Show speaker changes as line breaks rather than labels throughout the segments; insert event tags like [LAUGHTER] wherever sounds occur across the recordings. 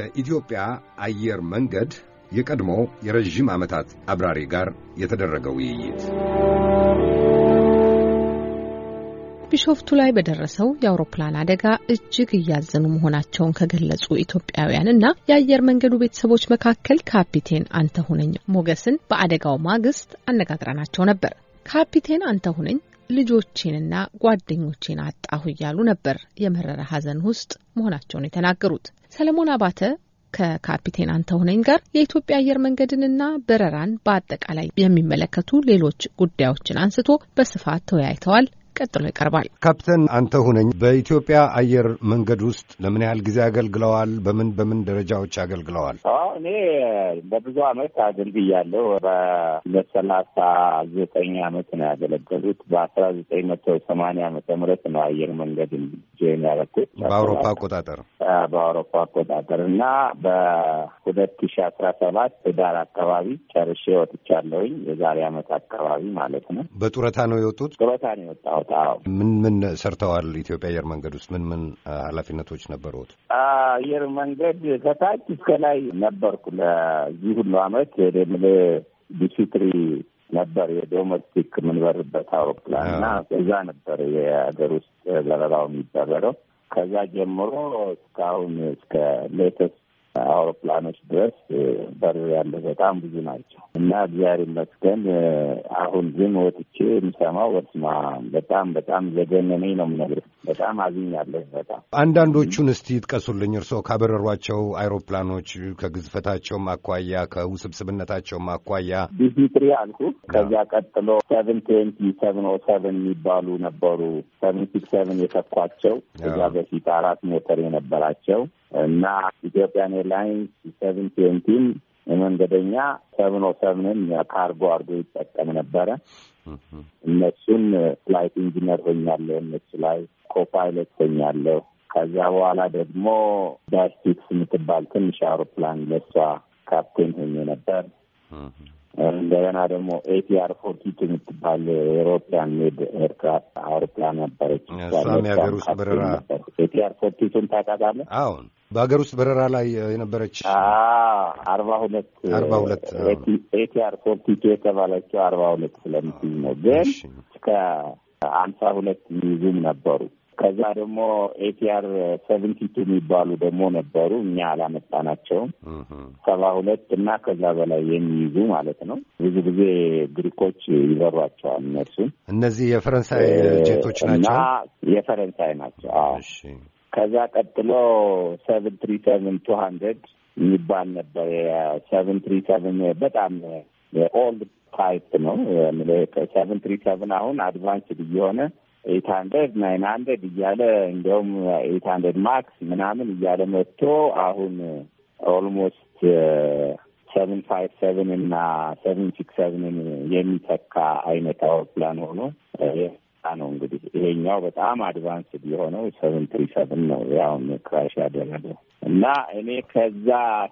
ከኢትዮጵያ አየር መንገድ የቀድሞ የረዥም ዓመታት አብራሪ ጋር የተደረገ ውይይት
ቢሾፍቱ ላይ በደረሰው የአውሮፕላን አደጋ እጅግ እያዘኑ መሆናቸውን ከገለጹ ኢትዮጵያውያን እና የአየር መንገዱ ቤተሰቦች መካከል ካፒቴን አንተሁነኝ ሞገስን በአደጋው ማግስት አነጋግረናቸው ነበር። ካፒቴን አንተሁነኝ ልጆቼንና ጓደኞቼን አጣሁ እያሉ ነበር የመረረ ሐዘን ውስጥ መሆናቸውን የተናገሩት። ሰለሞን አባተ ከካፒቴን አንተሆነኝ ጋር የኢትዮጵያ አየር መንገድንና በረራን በአጠቃላይ የሚመለከቱ ሌሎች ጉዳዮችን አንስቶ በስፋት ተወያይተዋል። ቀጥሎ ይቀርባል።
ካፕተን አንተ ሁነኝ በኢትዮጵያ አየር መንገድ ውስጥ ለምን ያህል ጊዜ አገልግለዋል? በምን በምን ደረጃዎች አገልግለዋል?
እኔ በብዙ አመት አገልግያለሁ። ያለው ሰላሳ ዘጠኝ አመት ነው ያገለገሉት። በአስራ ዘጠኝ መቶ ሰማንያ አመተ ምህረት ነው አየር መንገድ ጆይን ያደረኩት በአውሮፓ
አቆጣጠር በአውሮፓ
አቆጣጠር እና በሁለት ሺ አስራ ሰባት ህዳር አካባቢ ጨርሼ ወጥቻለሁኝ። የዛሬ አመት አካባቢ ማለት ነው። በጡረታ ነው የወጡት? ጡረታ ነው የወጣሁት ምን
ምን ሰርተዋል? ኢትዮጵያ አየር መንገድ ውስጥ ምን ምን ኃላፊነቶች ነበሩት?
አየር መንገድ ከታች እስከ ላይ ነበርኩ። ለዚህ ሁሉ አመት ደምል ዲሲትሪ ነበር የዶሜስቲክ የምንበርበት አውሮፕላን እና እዛ ነበር የሀገር ውስጥ በረራው የሚበረረው። ከዛ ጀምሮ እስካሁን እስከ ሌተስ አውሮፕላኖች ድረስ በር ያለ በጣም ብዙ ናቸው እና እግዚአብሔር ይመስገን። አሁን ግን ወጥቼ የምሰማው በስማ በጣም በጣም ዘገነነኝ ነው የምነግርህ። በጣም አዝኛለሁ። በጣም
አንዳንዶቹን እስቲ ይጥቀሱልኝ። እርስዎ ካበረሯቸው አይሮፕላኖች ከግዝፈታቸውም አኳያ ከውስብስብነታቸውም አኳያ ዲሚትሪ አልኩ። ከዚያ ቀጥሎ ሰቨን ትዌንቲ ሰቨን ኦ ሰቨን የሚባሉ ነበሩ።
ሰቨን ሲክስ ሰቨን የተኳቸው እዛ በፊት አራት ሞተር የነበራቸው እና ኢትዮጵያን ኤርላይንስ ሰቨን ቴንቲን የመንገደኛ ሰብን ሰብንን ካርጎ አድርጎ ይጠቀም ነበረ። እነሱን ፍላይት ኢንጂነር ሆኛለሁ። እነሱ ላይ ኮፓይለት ሆኛለሁ። ከዚያ በኋላ ደግሞ ዳሽ ሲክስ የምትባል ትንሽ አውሮፕላን ለሷ ካፕቴን ሆኜ ነበር። እንደገና ደግሞ ኤቲአር ፎርቲቱ የምትባል ኤሮፕላን ሜድ ኤርክራፍት አውሮፕላን ነበረች። ሳሚ ሀገር ውስጥ በረራ ኤቲአር
ፎርቲቱን ታውቃታለህ? አሁን በሀገር ውስጥ በረራ ላይ የነበረች አርባ ሁለት አርባ ሁለት ኤቲአር ፎርቲቱ
የተባለችው አርባ ሁለት ስለምትይዝ ነው። ግን እስከ አምሳ ሁለት የሚይዙም ነበሩ። ከዛ ደግሞ ኤቲአር ሰቨንቲቱ የሚባሉ ደግሞ ነበሩ። እኛ አላመጣናቸውም። ሰባ ሁለት እና ከዛ በላይ የሚይዙ ማለት ነው። ብዙ ጊዜ ግሪኮች ይበሯቸዋል። እነርሱም
እነዚህ የፈረንሳይ ጄቶች ናቸው፣
የፈረንሳይ ናቸው። ከዛ ቀጥሎ ሰቨን ትሪ ሰቨን ቱ ሀንድረድ የሚባል ነበር። ሰቨን ትሪ ሰቨን በጣም ኦልድ ታይፕ ነው። ሰቨን ትሪ ሰቨን አሁን አድቫንስድ እየሆነ ኤት ሀንድረድ ናይን ሀንድረድ እያለ እንዲያውም ኤት ሀንድረድ ማክስ ምናምን እያለ መጥቶ አሁን ኦልሞስት ሰቨን ፋይቭ ሰቨን እና ሰቨን ሲክስ ሰቨንን የሚተካ አይነት አውሮፕላን ሆኖ ነው። እንግዲህ ይሄኛው በጣም አድቫንስድ የሆነው ሰቨንትሪ ሰቨን ነው ያሁን ክራሽ ያደረገው እና እኔ ከዛ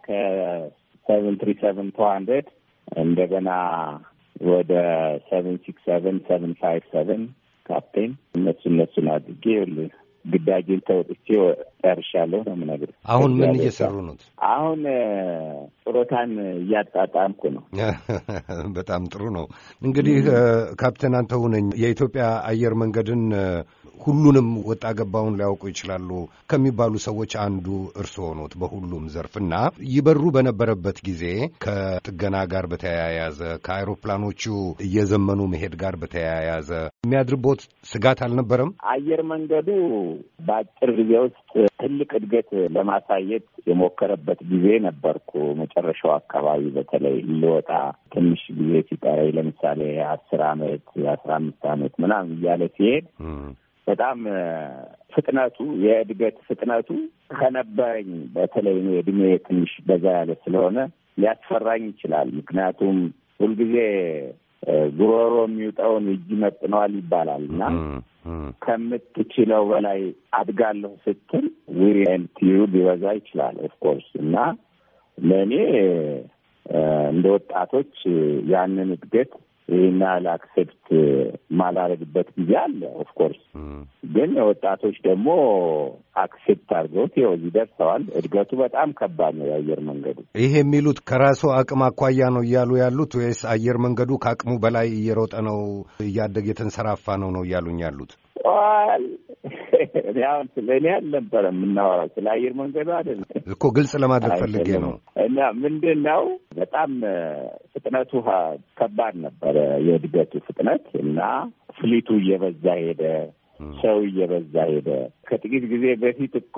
ከሰቨንትሪ ትሪ ሰቨን ቱ ሀንድሬድ እንደገና ወደ ሰቨን ሲክስ ሰቨን ሰቨን ፋይቭ ሰቨን ካፕቴን እነሱ እነሱን አድርጌ ግዳጅን ተወጥቼ ደርሻለሁ ነው የምነግርህ።
አሁን ምን እየሰሩ ነት?
አሁን ጡረታን እያጣጣምኩ ነው።
[LAUGHS] በጣም ጥሩ ነው። እንግዲህ ካፕቴን አንተሁ ነኝ። የኢትዮጵያ አየር መንገድን ሁሉንም ወጣ ገባውን ሊያውቁ ይችላሉ ከሚባሉ ሰዎች አንዱ እርስዎ ሆኖት በሁሉም ዘርፍና ይበሩ በነበረበት ጊዜ ከጥገና ጋር በተያያዘ ከአይሮፕላኖቹ እየዘመኑ መሄድ ጋር በተያያዘ የሚያድርቦት ስጋት አልነበረም?
አየር መንገዱ በአጭር ጊዜ ውስጥ ትልቅ እድገት ለማሳየት የሞከረበት ጊዜ ነበርኩ። መጨረሻው አካባቢ በተለይ ልወጣ ትንሽ ጊዜ ሲቀረኝ ለምሳሌ አስር አመት አስራ አምስት አመት ምናምን እያለ ሲሄድ በጣም ፍጥነቱ የእድገት ፍጥነቱ ከነበረኝ በተለይ እድሜ ትንሽ በዛ ያለ ስለሆነ ሊያስፈራኝ ይችላል። ምክንያቱም ሁልጊዜ ጉሮሮ የሚውጠውን እጅ መጥነዋል ይባላል እና ከምትችለው በላይ አድጋለሁ ስትል ዊሪንቲዩ ሊበዛ ይችላል ኦፍኮርስ እና ለእኔ እንደ ወጣቶች ያንን እድገት ይህን ያህል አክሴፕት ማላረግበት ጊዜ አለ። ኦፍኮርስ ግን ወጣቶች ደግሞ አክሴፕት አድርገውት ይኸው እዚህ ደርሰዋል። እድገቱ በጣም ከባድ ነው የአየር መንገዱ።
ይሄ የሚሉት ከራሱ አቅም አኳያ ነው እያሉ ያሉት ወይስ አየር መንገዱ ከአቅሙ በላይ እየሮጠ ነው እያደግ የተንሰራፋ ነው ነው እያሉኝ ያሉት?
ያውቀዋል። ያው [LAUGHS] ስለ እኔ አልነበረም የምናወራው፣ ስለ አየር መንገዱ አይደለም
እኮ ግልጽ ለማድረግ ፈልጌ ነው።
እና ምንድን ነው በጣም ፍጥነቱ ከባድ ነበረ፣ የእድገቱ ፍጥነት እና ፍሊቱ እየበዛ ሄደ፣ ሰው እየበዛ ሄደ። ከጥቂት ጊዜ በፊት እኮ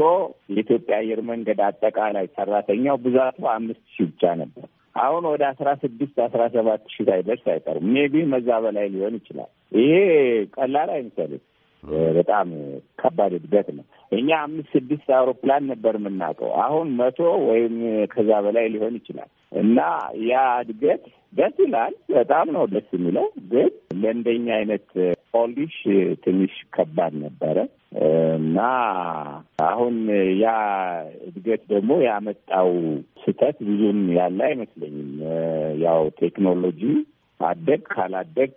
የኢትዮጵያ አየር መንገድ አጠቃላይ ሰራተኛው ብዛቱ አምስት ሺህ ብቻ ነበር። አሁን ወደ አስራ ስድስት አስራ ሰባት ሺህ ሳይደርስ አይቀርም። ሜቢ መዛ በላይ ሊሆን ይችላል። ይሄ ቀላል አይምሰልም። በጣም ከባድ እድገት ነው። እኛ አምስት ስድስት አውሮፕላን ነበር የምናውቀው አሁን መቶ ወይም ከዛ በላይ ሊሆን ይችላል። እና ያ እድገት ደስ ይላል። በጣም ነው ደስ የሚለው። ግን ለእንደኛ አይነት ፖሊሽ ትንሽ ከባድ ነበረ እና አሁን ያ እድገት ደግሞ ያመጣው ስህተት ብዙም ያለ አይመስለኝም። ያው ቴክኖሎጂ አደግ ካላደግ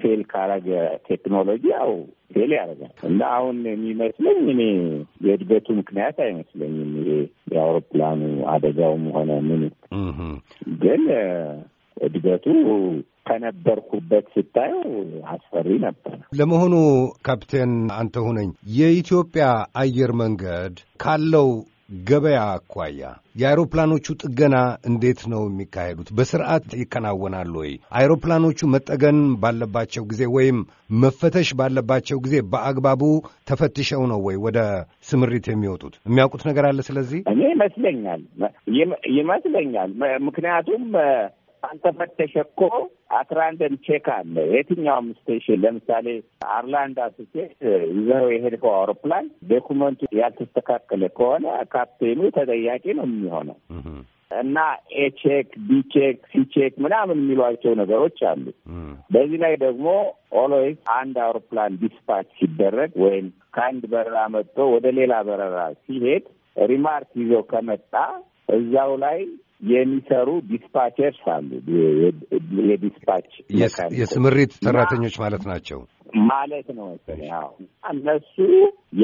ፌል ካረገ ቴክኖሎጂ ያው ፌል ያደርጋል እና አሁን የሚመስለኝ እኔ የእድገቱ ምክንያት አይመስለኝም። ይሄ የአውሮፕላኑ አደጋውም ሆነ ምን ግን እድገቱ ከነበርኩበት ስታየው አስፈሪ ነበር።
ለመሆኑ ካፕቴን አንተሁነኝ የኢትዮጵያ አየር መንገድ ካለው ገበያ አኳያ የአይሮፕላኖቹ ጥገና እንዴት ነው የሚካሄዱት? በስርዓት ይከናወናሉ ወይ? አይሮፕላኖቹ መጠገን ባለባቸው ጊዜ ወይም መፈተሽ ባለባቸው ጊዜ በአግባቡ ተፈትሸው ነው ወይ ወደ ስምሪት የሚወጡት? የሚያውቁት ነገር አለ። ስለዚህ እኔ ይመስለኛል
ይመስለኛል ምክንያቱም አንተ እኮ አትራንደም ቼክ አለ። የትኛውም ስቴሽን ለምሳሌ አርላንዳ ስትሄድ ይዘው የሄድከው አውሮፕላን ዶኩመንቱ ያልተስተካከለ ከሆነ ካፕቴኑ ተጠያቂ ነው የሚሆነው እና ኤ ቼክ፣ ቢ ቼክ፣ ሲ ቼክ ምናምን የሚሏቸው ነገሮች አሉ። በዚህ ላይ ደግሞ ኦሎይስ አንድ አውሮፕላን ዲስፓች ሲደረግ ወይም ከአንድ በረራ መጥቶ ወደ ሌላ በረራ ሲሄድ ሪማርክ ይዞ ከመጣ እዛው ላይ የሚሰሩ ዲስፓቸርስ አሉ። የዲስፓች
የስምሪት ሰራተኞች ማለት ናቸው
ማለት ነው። እነሱ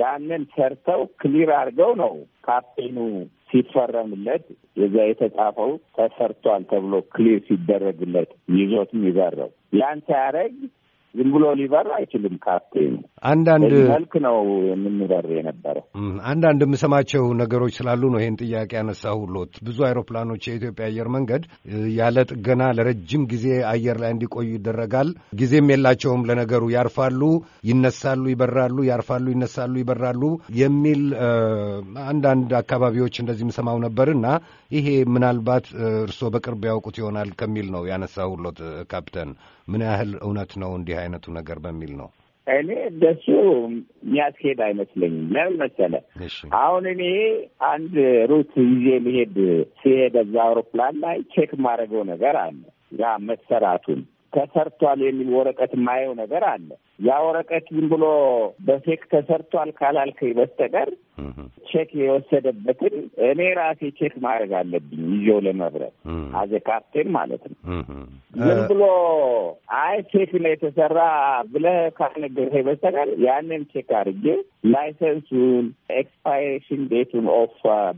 ያንን ሰርተው ክሊር አድርገው ነው ካፕቴኑ ሲፈረምለት የዛ የተጻፈው ተሰርቷል ተብሎ ክሊር ሲደረግለት ይዞት የሚበረው ያን ሳያደርግ ዝም ብሎ ሊበር አይችልም። ካፕቴኑ
አንዳንድ መልክ
ነው የምንበር የነበረው።
አንዳንድ የምሰማቸው ነገሮች ስላሉ ነው ይህን ጥያቄ ያነሳሁሎት። ብዙ አይሮፕላኖች የኢትዮጵያ አየር መንገድ ያለ ጥገና ለረጅም ጊዜ አየር ላይ እንዲቆዩ ይደረጋል። ጊዜም የላቸውም ለነገሩ ያርፋሉ፣ ይነሳሉ፣ ይበራሉ፣ ያርፋሉ፣ ይነሳሉ፣ ይበራሉ የሚል አንዳንድ አካባቢዎች እንደዚህ የምሰማው ነበር እና ይሄ ምናልባት እርስዎ በቅርብ ያውቁት ይሆናል ከሚል ነው ያነሳሁሎት ካፕተን ምን ያህል እውነት ነው እንዲህ አይነቱ ነገር በሚል ነው።
እኔ እንደሱ የሚያስኬድ አይመስለኝም። ለምን መሰለህ? አሁን እኔ አንድ ሩት ይዤ ልሄድ ሲሄድ እዛ አውሮፕላን ላይ ቼክ ማድረገው ነገር አለ። ያ መሰራቱን ተሰርቷል የሚል ወረቀት ማየው ነገር አለ። ያ ወረቀት ዝም ብሎ በፌክ ተሰርቷል ካላልከኝ በስተቀር ቼክ የወሰደበትን እኔ ራሴ ቼክ ማድረግ አለብኝ ይዤው ለመብረት አዘ ካፕቴን ማለት ነው። ዝም ብሎ አይ ቼክ ነው የተሰራ ብለህ ካልነገርከኝ በስተቀር ያንን ቼክ አድርጌ ላይሰንሱን፣ ኤክስፓይሬሽን ዴቱን ኦፍ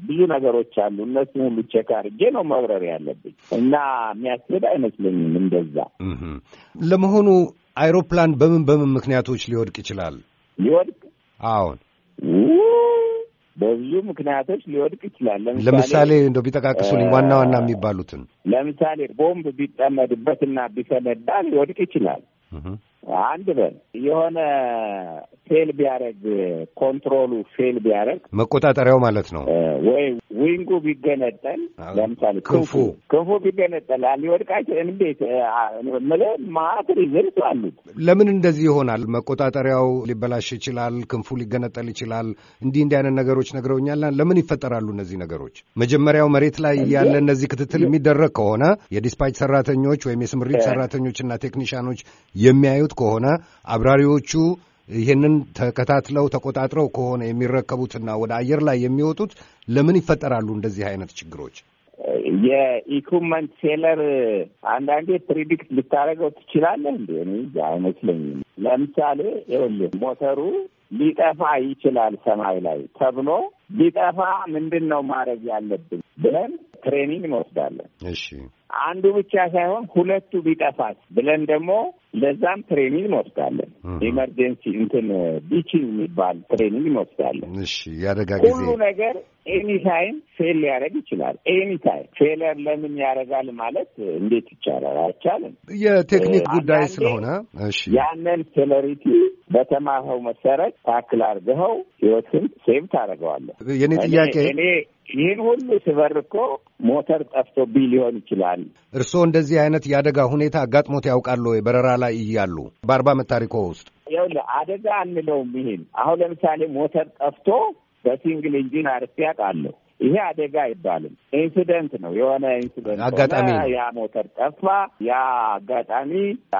ብዙ ነገሮች አሉ። እነሱን ሁሉ ቼክ አድርጌ ነው መብረር ያለብኝ እና የሚያስሄድ አይመስለኝም እንደዛ
ለመሆኑ አይሮፕላን በምን በምን ምክንያቶች ሊወድቅ ይችላል? ሊወድቅ አሁን በብዙ ምክንያቶች ሊወድቅ ይችላል። ለምሳሌ እንደ ቢጠቃቅሱልኝ ዋና ዋና የሚባሉትን
ለምሳሌ ቦምብ ቢጠመድበትና ቢፈነዳ ሊወድቅ ይችላል። አንድ በል የሆነ ፌል ቢያደረግ ኮንትሮሉ ፌል ቢያደረግ
መቆጣጠሪያው ማለት ነው ወይ
ዊንጉ ቢገነጠል
ለምሳሌ ክንፉ
ክንፉ ቢገነጠል ሊወድቃቸው እንዴት ምለ ማት ሪዝልት አሉት።
ለምን እንደዚህ ይሆናል? መቆጣጠሪያው ሊበላሽ ይችላል፣ ክንፉ ሊገነጠል ይችላል። እንዲህ እንዲህ አይነት ነገሮች ነግረውኛል። ለምን ይፈጠራሉ እነዚህ ነገሮች? መጀመሪያው መሬት ላይ ያለ እነዚህ ክትትል የሚደረግ ከሆነ የዲስፓች ሰራተኞች ወይም የስምሪት ሰራተኞችና ቴክኒሽያኖች የሚያዩት ከሆነ አብራሪዎቹ ይህንን ተከታትለው ተቆጣጥረው ከሆነ የሚረከቡትና ወደ አየር ላይ የሚወጡት ለምን ይፈጠራሉ እንደዚህ አይነት ችግሮች?
የኢኩመንት ሴለር አንዳንዴ ፕሪዲክት ልታደርገው ትችላለህ። እንደ እኔ አይመስለኝም። ለምሳሌ ይኸውልህ ሞተሩ ሊጠፋ ይችላል ሰማይ ላይ ተብሎ ሊጠፋ ምንድን ነው ማድረግ ያለብን ብለን ትሬኒንግ እንወስዳለን። እሺ አንዱ ብቻ ሳይሆን ሁለቱ ቢጠፋት ብለን ደግሞ ለዛም ትሬኒንግ እንወስዳለን። ኢመርጀንሲ እንትን ቢችን የሚባል ትሬኒንግ እንወስዳለን። እሺ ያደጋ ጊዜ ሁሉ ነገር ኤኒታይም ፌል ሊያደርግ ይችላል። ኤኒታይም ፌለር ለምን ያደርጋል ማለት እንዴት ይቻላል? አይቻልም።
የቴክኒክ ጉዳይ ስለሆነ
ያንን ፌለሪቲ በተማኸው መሰረት ታክል አድርገኸው ህይወትን ሴቭ ታደርገዋለህ።
የኔ ጥያቄ እኔ
ይህን ሁሉ ስበር እኮ ሞተር ጠፍቶብኝ ሊሆን ይችላል።
እርስዎ እንደዚህ አይነት የአደጋ ሁኔታ አጋጥሞት ያውቃሉ ወይ በረራ ላይ እያሉ በአርባ ዓመት ታሪኮ ውስጥ
ይኸውልህ አደጋ አንለውም። ይሄን አሁን ለምሳሌ ሞተር ጠፍቶ በሲንግል ኢንጂን አርፌ አውቃለሁ። ይሄ አደጋ አይባልም። ኢንሲደንት ነው። የሆነ ኢንሲደንት አጋጣሚ፣ ያ ሞተር ጠፋ። ያ አጋጣሚ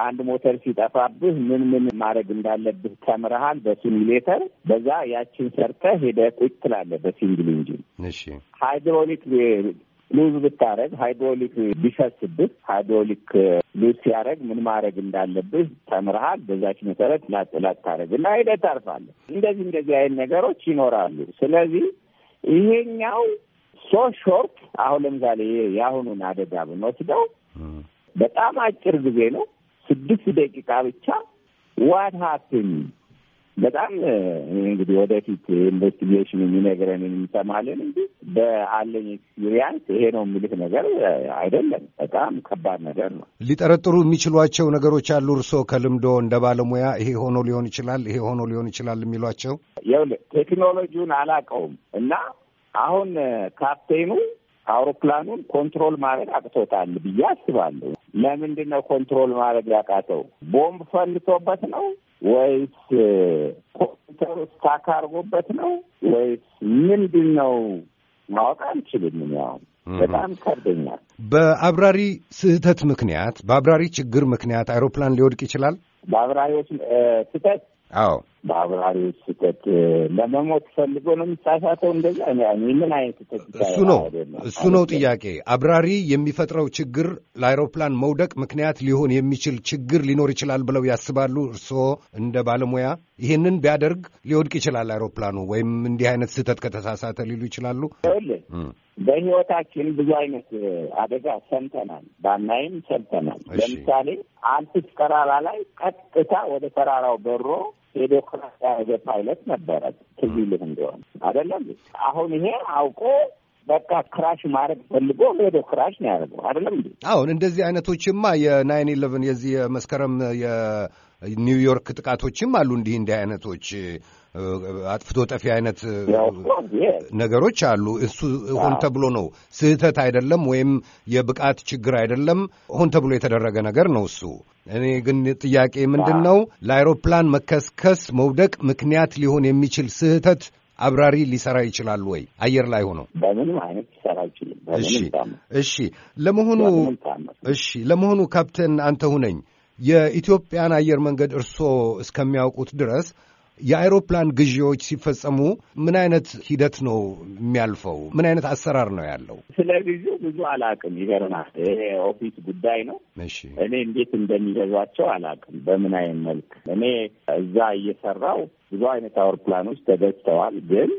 አንድ ሞተር ሲጠፋብህ ምን ምን ማድረግ እንዳለብህ ተምረሃል። በሲሚሌተር በዛ ያችን ሰርተህ ሄደህ ቁጭ ትላለህ በሲንግል ኢንጂን። እሺ ሃይድሮሊክ ሉዝ ብታረግ ሃይድሮሊክ ቢፈስብህ ሃይድሮሊክ ሉዝ ሲያደረግ ምን ማድረግ እንዳለብህ ተምርሃል። በዛች መሰረት ላጥላት ታደረግ እና ሄደህ ታርፋለህ። እንደዚህ እንደዚህ አይነት ነገሮች ይኖራሉ። ስለዚህ ይሄኛው ሶ ሾርት አሁን ለምሳሌ የአሁኑን አደጋ ብንወስደው በጣም አጭር ጊዜ ነው። ስድስት ደቂቃ ብቻ ዋት ሀፕን በጣም እንግዲህ ወደፊት ኢንቨስቲጌሽን የሚነግረን የሚሰማልን እንጂ በአለኝ ኤክስፒሪንስ ይሄ ነው የሚልህ ነገር አይደለም። በጣም ከባድ ነገር ነው።
ሊጠረጥሩ የሚችሏቸው ነገሮች አሉ። እርስዎ ከልምዶ እንደ ባለሙያ ይሄ ሆኖ ሊሆን ይችላል፣ ይሄ ሆኖ ሊሆን ይችላል የሚሏቸው
ይኸውልህ፣ ቴክኖሎጂውን አላውቀውም እና አሁን ካፕቴኑ አውሮፕላኑን ኮንትሮል ማድረግ አቅቶታል ብዬ አስባለሁ። ለምንድን ነው ኮንትሮል ማድረግ ያቃተው? ቦምብ ፈልቶበት ነው ወይስ ኮምፒውተር ስታክ ነው ወይስ ምንድን ነው ማወቅ አንችልም። ያው በጣም ከብደኛል።
በአብራሪ ስህተት ምክንያት፣ በአብራሪ ችግር ምክንያት አይሮፕላን ሊወድቅ ይችላል። በአብራሪዎች ስህተት አዎ በአብራሪ ስህተት
ለመሞት ፈልጎ ነው የሚሳሳተው። እንደዛ ምን አይነት እሱ ነው እሱ ነው ጥያቄ።
አብራሪ የሚፈጥረው ችግር ለአይሮፕላን መውደቅ ምክንያት ሊሆን የሚችል ችግር ሊኖር ይችላል ብለው ያስባሉ እርስዎ እንደ ባለሙያ? ይህንን ቢያደርግ ሊወድቅ ይችላል አይሮፕላኑ ወይም እንዲህ አይነት ስህተት ከተሳሳተ ሊሉ ይችላሉ።
በህይወታችን ብዙ አይነት አደጋ ሰምተናል፣ ባናይም ሰምተናል። ለምሳሌ አልፕስ ተራራ ላይ ቀጥታ ወደ ተራራው በሮ የዴኮራት የያዘ ፓይለት ነበረ።
ትዝ ይልህ እንደሆነ አይደለም።
አሁን ይሄ አውቆ በቃ ክራሽ ማድረግ ፈልጎ ሄዶ ክራሽ ነው ያደረገው። አይደለም እንዴ?
አሁን እንደዚህ አይነቶችማ የናይን ኢለቨን የዚህ የመስከረም የኒውዮርክ ጥቃቶችም አሉ። እንዲህ እንዲህ አይነቶች አጥፍቶ ጠፊ አይነት ነገሮች አሉ። እሱ ሆን ተብሎ ነው፣ ስህተት አይደለም፣ ወይም የብቃት ችግር አይደለም። ሆን ተብሎ የተደረገ ነገር ነው እሱ። እኔ ግን ጥያቄ ምንድን ነው ለአይሮፕላን መከስከስ መውደቅ ምክንያት ሊሆን የሚችል ስህተት አብራሪ ሊሰራ ይችላል ወይ? አየር ላይ ሆኖ በምንም አይነት ሊሰራ አይችልም። እሺ፣ እሺ። ለመሆኑ እሺ፣ ለመሆኑ ካፕቴን አንተ ሁነኝ የኢትዮጵያን አየር መንገድ እርስዎ እስከሚያውቁት ድረስ የአይሮፕላን ግዢዎች ሲፈጸሙ ምን አይነት ሂደት ነው የሚያልፈው? ምን አይነት አሰራር ነው ያለው?
ስለ ጊዜው ብዙ አላውቅም። ይገርማል። ይሄ ኦፊስ ጉዳይ ነው። እኔ እንዴት እንደሚገዟቸው አላውቅም፣ በምን አይነት መልክ። እኔ እዛ እየሰራው ብዙ አይነት አውሮፕላኖች ተገዝተዋል። ግን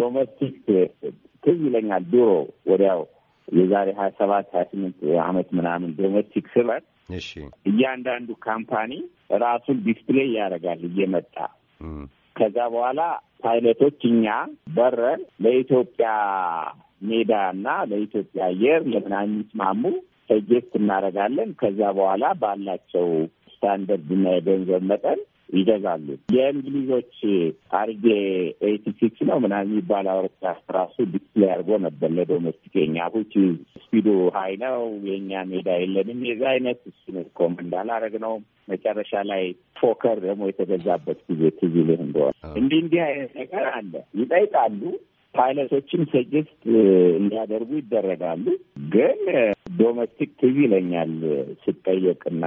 ዶሜስቲክ ትዝ ይለኛል ድሮ ወዲያው የዛሬ ሀያ ሰባት ሀያ ስምንት አመት ምናምን ዶሜስቲክ ስበር እያንዳንዱ ካምፓኒ ራሱን ዲስፕሌይ ያደርጋል እየመጣ ከዛ በኋላ ፓይለቶች እኛ በረን ለኢትዮጵያ ሜዳ እና ለኢትዮጵያ አየር ለምናምን የሚስማሙ ሰጀስት እናደርጋለን። ከዛ በኋላ ባላቸው ስታንደርድ እና የገንዘብ መጠን ይገዛሉ። የእንግሊዞች አርጌ ኤይቲ ሲክስ ነው ምናምን የሚባል አውሮፕላን ራሱ ዲስፕሌይ አድርጎ ነበር ለዶሜስቲክ የኛ ሁች ስፒዱ ሀይ ነው የእኛ ሜዳ የለንም የዚ አይነት እሱን ኮመንድ ነው። መጨረሻ ላይ ፎከር ደግሞ የተገዛበት ጊዜ ትዝ ይልህ እንደሆነ እንዲህ እንዲህ አይነት ነገር አለ። ይጠይቃሉ ፓይለቶችም ሰጀስት እንዲያደርጉ ይደረጋሉ ግን ዶሜስቲክ ቲቪ ይለኛል ስጠየቅና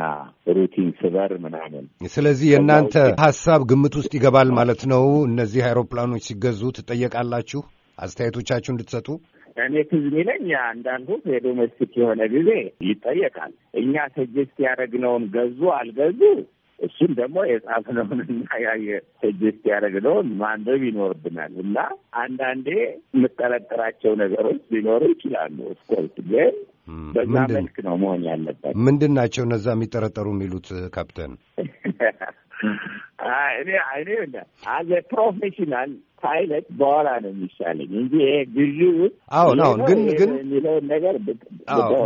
ሩቲን ስበር ምናምን።
ስለዚህ የእናንተ ሀሳብ ግምት ውስጥ ይገባል ማለት ነው። እነዚህ አይሮፕላኖች ሲገዙ ትጠየቃላችሁ፣ አስተያየቶቻችሁ እንድትሰጡ።
እኔ ትዝ የሚለኝ አንዳንዱ የዶሜስቲክ የሆነ ጊዜ ይጠየቃል። እኛ ሰጀስት ያደረግነውን ገዙ አልገዙ እሱን ደግሞ የጻፍነውንና ያየ ሰጀስት ያደረግነውን ማንበብ ይኖርብናል እና አንዳንዴ የምጠረጠራቸው ነገሮች ሊኖሩ ይችላሉ። እስኮርስ ግን በዛ መልክ ነው መሆን ያለበት።
ምንድን ናቸው እነዛ የሚጠረጠሩ የሚሉት ካፕተን? [LAUGHS]
እኔ እኔ አዘ ፕሮፌሽናል ፓይለት በኋላ ነው የሚሻለኝ እንጂ ይሄ ግዢ አሁን አሁን ግን ግን የሚለውን ነገር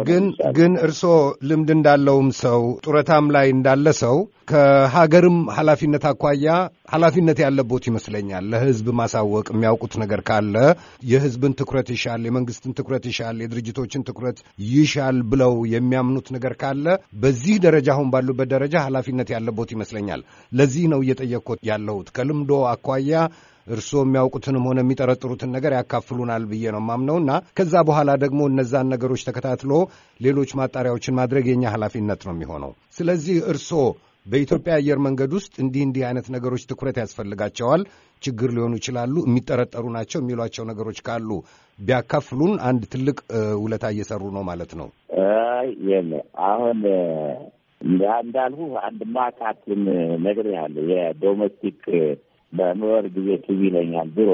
ግን
ግን እርስዎ ልምድ እንዳለውም ሰው ጡረታም ላይ እንዳለ ሰው ከሀገርም ኃላፊነት አኳያ ኃላፊነት ያለቦት ይመስለኛል። ለሕዝብ ማሳወቅ የሚያውቁት ነገር ካለ የሕዝብን ትኩረት ይሻል፣ የመንግስትን ትኩረት ይሻል፣ የድርጅቶችን ትኩረት ይሻል ብለው የሚያምኑት ነገር ካለ በዚህ ደረጃ አሁን ባሉበት ደረጃ ኃላፊነት ያለቦት ይመስለኛል። ለዚህ ነው እየጠየቅኩት ያለሁት ከልምዶ አኳያ እርስዎ የሚያውቁትንም ሆነ የሚጠረጥሩትን ነገር ያካፍሉናል ብዬ ነው እና ከዛ በኋላ ደግሞ እነዛን ነገሮች ተከታትሎ ሌሎች ማጣሪያዎችን ማድረግ የኛ ኃላፊነት ነው የሚሆነው። ስለዚህ እርስዎ በኢትዮጵያ አየር መንገድ ውስጥ እንዲህ እንዲህ አይነት ነገሮች ትኩረት ያስፈልጋቸዋል፣ ችግር ሊሆኑ ይችላሉ፣ የሚጠረጠሩ ናቸው የሚሏቸው ነገሮች ካሉ ቢያካፍሉን አንድ ትልቅ ውለታ እየሰሩ ነው ማለት ነው።
አሁን እንዳልሁ አንድ ማካትን ነገር ያለ የዶሜስቲክ በምወር ጊዜ ትዝ ይለኛል። ድሮ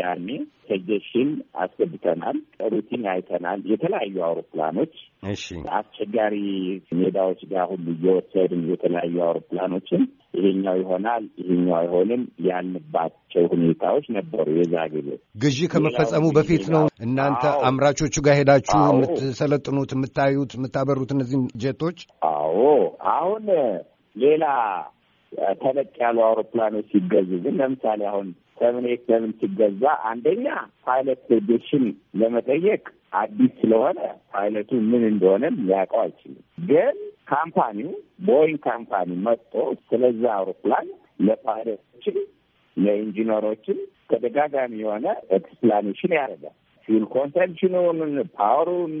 ያኔ ሰጀሽን አስገብተናል፣ ሩቲን አይተናል። የተለያዩ አውሮፕላኖች አስቸጋሪ ሜዳዎች ጋር ሁሉ እየወሰድን የተለያዩ አውሮፕላኖችን ይሄኛው ይሆናል፣ ይሄኛው አይሆንም ያልንባቸው ሁኔታዎች ነበሩ። የዛ ጊዜ
ግዢ ከመፈጸሙ በፊት ነው እናንተ አምራቾቹ ጋር ሄዳችሁ የምትሰለጥኑት፣ የምታዩት፣ የምታበሩት እነዚህም ጀቶች።
አዎ አሁን ሌላ ተለቅ ያሉ አውሮፕላኖች ሲገዙ ግን ለምሳሌ አሁን ሰብን ኤት ሰብን ሲገዛ አንደኛ ፓይለት ዴሽን ለመጠየቅ አዲስ ስለሆነ ፓይለቱ ምን እንደሆነ ሊያውቀው አይችልም። ግን ካምፓኒው ቦይንግ ካምፓኒ መጥቶ ስለዛ አውሮፕላን ለፓይለቶችን ለኢንጂነሮችም ተደጋጋሚ የሆነ ኤክስፕላኔሽን ያደርጋል። ፊል ኮንሰምሽኑን፣ ፓወሩን፣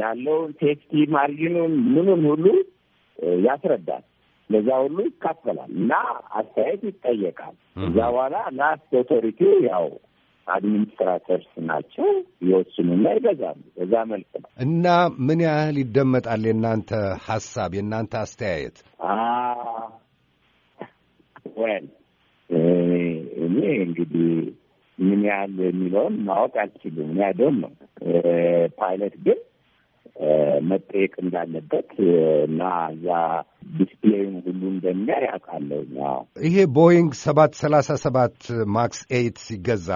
ያለውን ሴፍቲ ማርጂኑን ምኑን ሁሉ ያስረዳል። ለዛ ሁሉ ይካፈላል እና አስተያየት ይጠየቃል። እዛ በኋላ ላስት ኦቶሪቲ ያው አድሚኒስትራተርስ ናቸው ይወስኑና ይገዛሉ። በዛ
መልክ ነው እና ምን ያህል ይደመጣል የእናንተ ሀሳብ የእናንተ አስተያየት? ወል እኔ
እንግዲህ ምን ያህል የሚለውን ማወቅ አልችልም። እኔ አይደል ነው ፓይለት ግን መጠየቅ እንዳለበት እና እዛ ዲስፕሌይን ሁሉ እንደሚያ ያውቃለሁ።
ይሄ ቦይንግ ሰባት ሰላሳ ሰባት ማክስ ኤይት ሲገዛ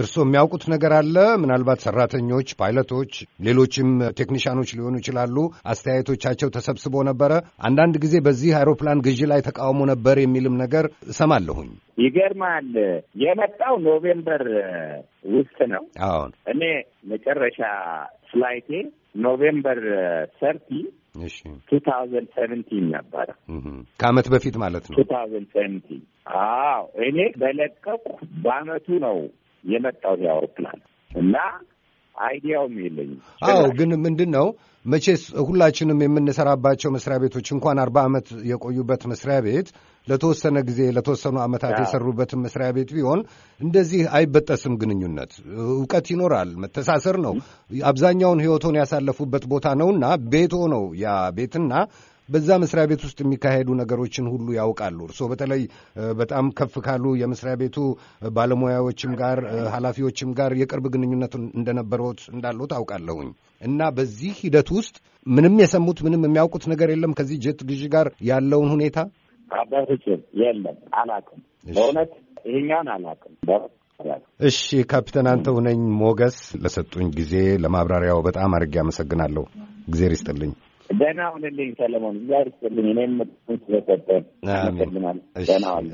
እርስዎ የሚያውቁት ነገር አለ? ምናልባት ሰራተኞች፣ ፓይለቶች፣ ሌሎችም ቴክኒሽያኖች ሊሆኑ ይችላሉ። አስተያየቶቻቸው ተሰብስቦ ነበረ። አንዳንድ ጊዜ በዚህ አይሮፕላን ግዢ ላይ ተቃውሞ ነበር የሚልም ነገር እሰማለሁኝ።
ይገርማል። የመጣው ኖቬምበር ውስጥ ነው። አሁን እኔ መጨረሻ ፍላይቴ ኖቬምበር ሰርቲ ቱ ታውዘንድ ሰቨንቲን ነበረ
ከአመት በፊት ማለት ነው። ቱ ታውዘንድ ሰቨንቲን
አዎ። እኔ በለቀቁ በአመቱ ነው የመጣው አውሮፕላን እና አይዲያውም የለኝም።
አዎ ግን ምንድን ነው መቼስ ሁላችንም የምንሰራባቸው መስሪያ ቤቶች እንኳን አርባ ዓመት የቆዩበት መስሪያ ቤት ለተወሰነ ጊዜ ለተወሰኑ ዓመታት የሰሩበትን መስሪያ ቤት ቢሆን እንደዚህ አይበጠስም። ግንኙነት እውቀት ይኖራል፣ መተሳሰር ነው። አብዛኛውን ሕይወቶን ያሳለፉበት ቦታ ነውና ቤቶ ነው ያ ቤትና በዛ መስሪያ ቤት ውስጥ የሚካሄዱ ነገሮችን ሁሉ ያውቃሉ። እርስዎ በተለይ በጣም ከፍ ካሉ የመስሪያ ቤቱ ባለሙያዎችም ጋር ኃላፊዎችም ጋር የቅርብ ግንኙነት እንደነበረት እንዳለው ታውቃለሁኝ እና በዚህ ሂደት ውስጥ ምንም የሰሙት ምንም የሚያውቁት ነገር የለም ከዚህ ጀት ግዢ ጋር ያለውን ሁኔታ አባቶች የለም አላውቅም።
በእውነት ይህኛውን አላውቅም።
እሺ ካፒቴን አንተው ነኝ ሞገስ፣ ለሰጡኝ ጊዜ ለማብራሪያው በጣም አድርጌ አመሰግናለሁ። እግዜር ይስጥልኝ።
ደህና ሁንልኝ ሰለሞን፣ እግዚአብሔር ይስጥልኝ። እኔም ስለሰጠን
አመሰግናለሁ። ደህና ዋለ